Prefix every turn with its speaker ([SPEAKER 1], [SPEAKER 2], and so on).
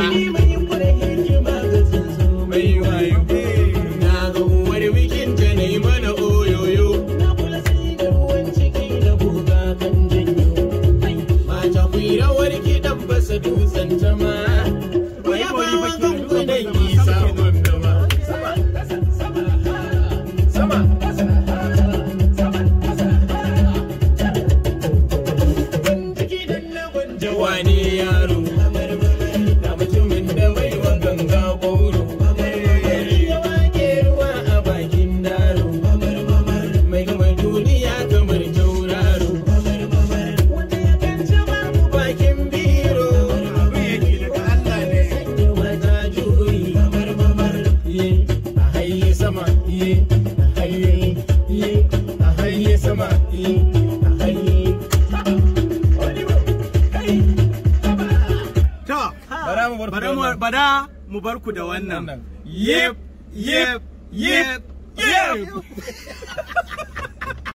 [SPEAKER 1] Bye. bara mu bar ku da wannan yep yep yep yep